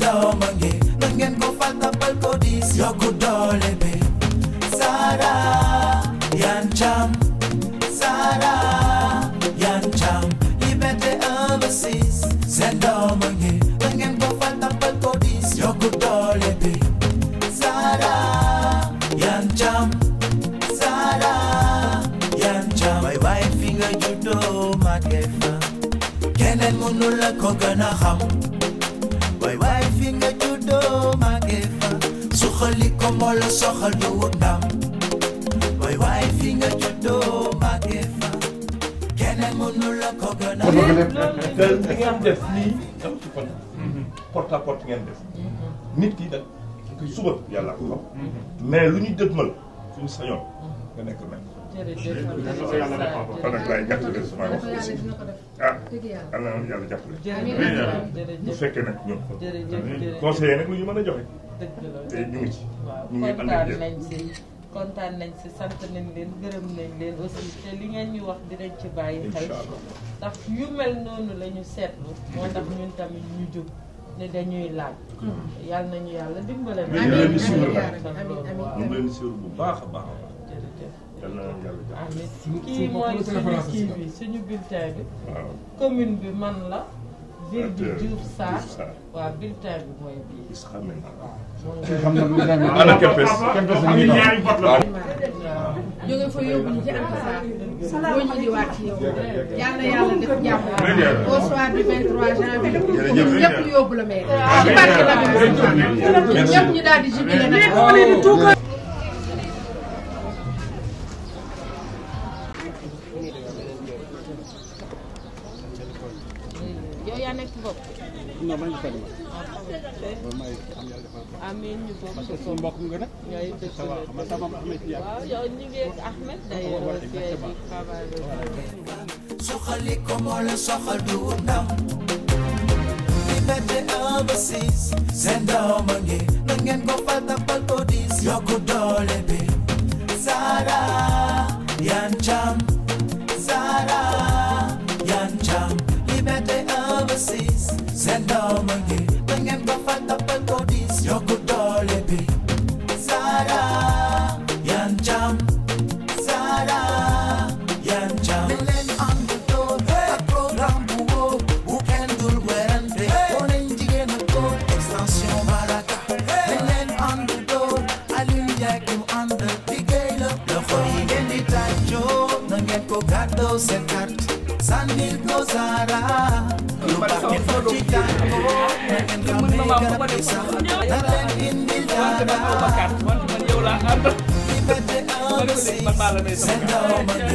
dooma ngi nag ngeen ko fal tapal ko diis yokku doole bi Sara Yane Thiam Sara Yane Thiam Liberté 1 ba 6 seen dooma ngi nag ngeen ko fal tapal ko diis yokku doole bi Sara Yane Thiam Sara Yane Thiam waay waay fi nga juddoo màggee fa keneen mënu la ko gën a xam fi nga juddoo maa ngi fa suxali ko moo la soxal du wut ndam waay waay fi nga juddoo maa ngi fa keneen mënu la ko gën a. li ngeen def nii dama ci kontaan. porte à porte ngeen def. nit ki nag koy suba yàlla ko xam. mais lu ñu dëgmal suñu sañoon nga nekk mel. jërëjëf kon nag laay gàtt de sumay wax aussi. allah am yàlla jàppale. jërëjëf bu fekkee nag ñoom. jërëjëf conseiller nag lu ñu mën a joxe. te ñu ngi ci. ñu ngi ànd ak yéen kontaan nañ si sant nañ leen gërëm nañ leen aussi te li ngeen ñu wax dinañ ci bàyyi xel ndax yu mel noonu la ñu seetlu moo tax ñun tamit ñu jóg ne dañuy laaj hmm. yàlla nañu yàlla dimbale na amiin amiin amiin bu baax a baax amiin kii mooy suñu kii bi suñu bulletin bi. commune bi man la. Virgule Diouf Sarr waaw bulletin bi mooy bii. xam na lu ñu daan ana kempes kempes ñu ñaari bot la. jóge fa yóbbu ñu ci ambassade boo ñu ñëwaat ci yow yal na yàlla def jàmm au la mais ci barke la ñëpp ñu daal di yaa nekk bopp. non maa ngi fay ma. amiin ñu bokk. parce que sa mbokk nga nag. yooyu dëkk la waaw yow ñu ngi ak Ahmed d'ailleurs kii bi xabaar bi. soxali ko moo la soxal du ndam. liberté 1 ba 6. seen daaw ma ngi na ngeen ko fal tabal ko 10. yokku waaw bu ko defoon wante man aw ma carte wante man yow laa ànd bu ko defee man maa la may sama carte.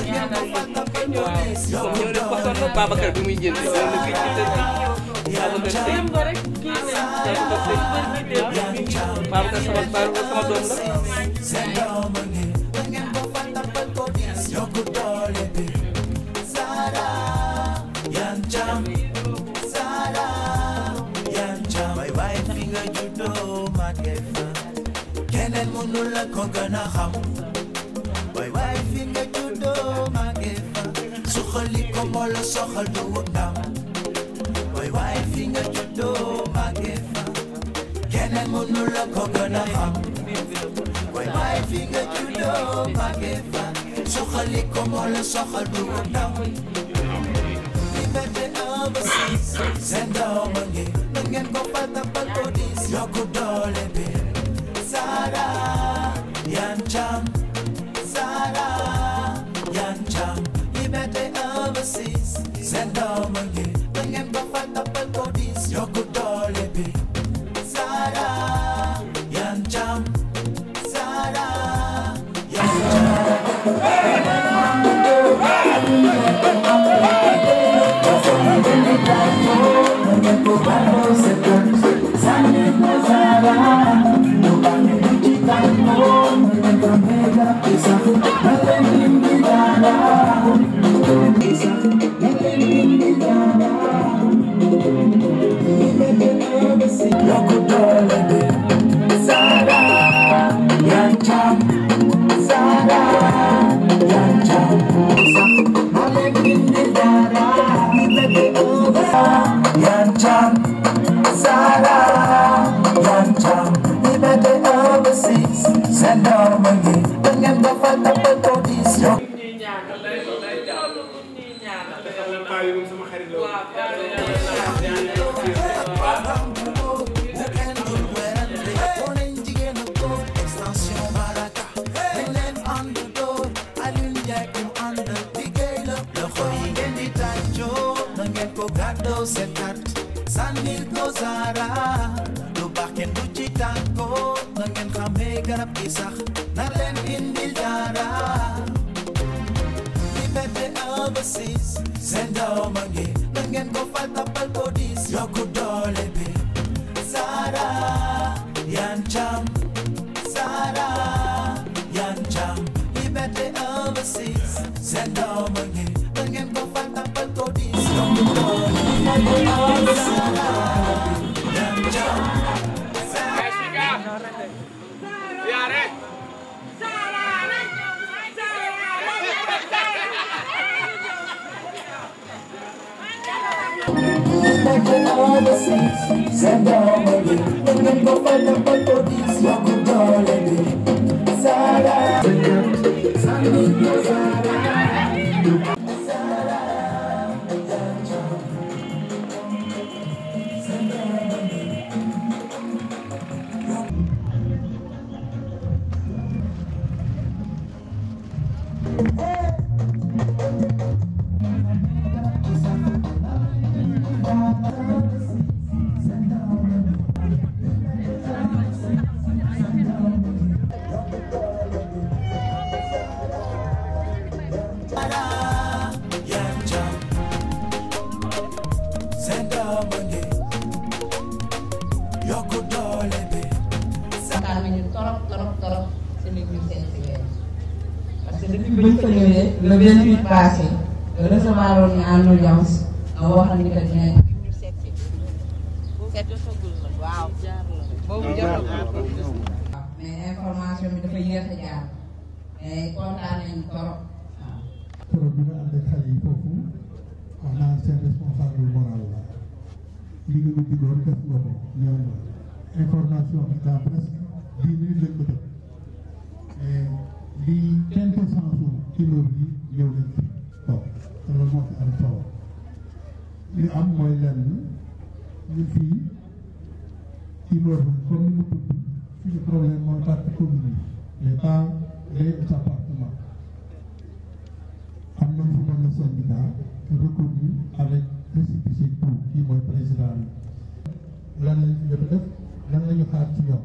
waaw ñoo leen waxoon na Babacar bi muy jënd ñoo leen fii ci kër gi Babacar tey dem ba rek kii lañ Babacar sama Babacar sama doom la. keneen mënu la ko gën a xam. ma soxal du ndaw mooy waaye fi nga juddoo màggee fa keneen mënu la ko gën a xam mooy waaye fi nga juddoo màggee fa soxali ko moo la soxal du ndaw liberté am siis seen ndaw ma ngi na ngeen ko fàttapal ko diis yokk doole bi Sara Yane Thiam Sara Yane Thiam liberté am siis ngeen doomu ngi ba ngeen ba fa toppal ko diis yokku doole bi Zahra Iyane Thiam Zahra Iyane Thiam Thank you. yow seetaat sànnil ko Zara lu baax kenn du ci tàggoo na ngeen xamee garab gi sax na leen indil dara liberté un ba six seen doom a ngi ko fal tapal ko diis doole bi Zara Yann Thiam Zara Yann Thiam liberté un ba six seen Sara, Sara, Sara. depuis buñ fa ñëwee le 28 passé recevoir woon ñu en audience nga waxal ni que dinañ. waaw mais information bi dafa yéex a jaar mais kontaan nañu trop. keroog bi nga ànd ak xale yi foofu wax naa seen responsable moral la li nga ñu digoon def nga ko ñëw na information bi dans presque dix minutes lañ ko jot. lii quintessence su immeuble yi ñëw nañ fi toog te moo fi am solo li am mooy lenn ñu fii immeuble comme ni mu problème mooy partie commune yi mais pas les am nañ fi benn syndicat reconnu avec récépissé tout kii mooy président lan lañ fi jot a xaar ci ñoom.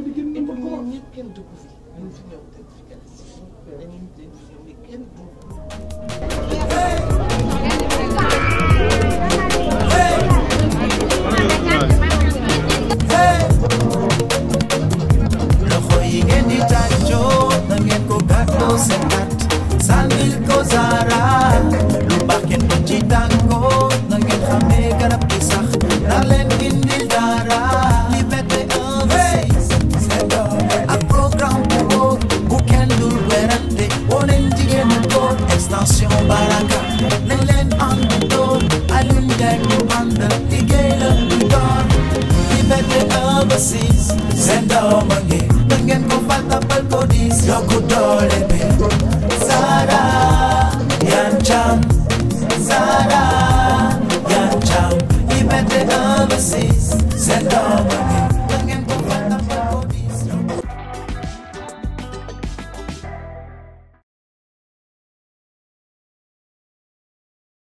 ñëw di génn n'importe comment ñëpp kenn dugg fi ñu fi ñëw kenn dugg Jagoda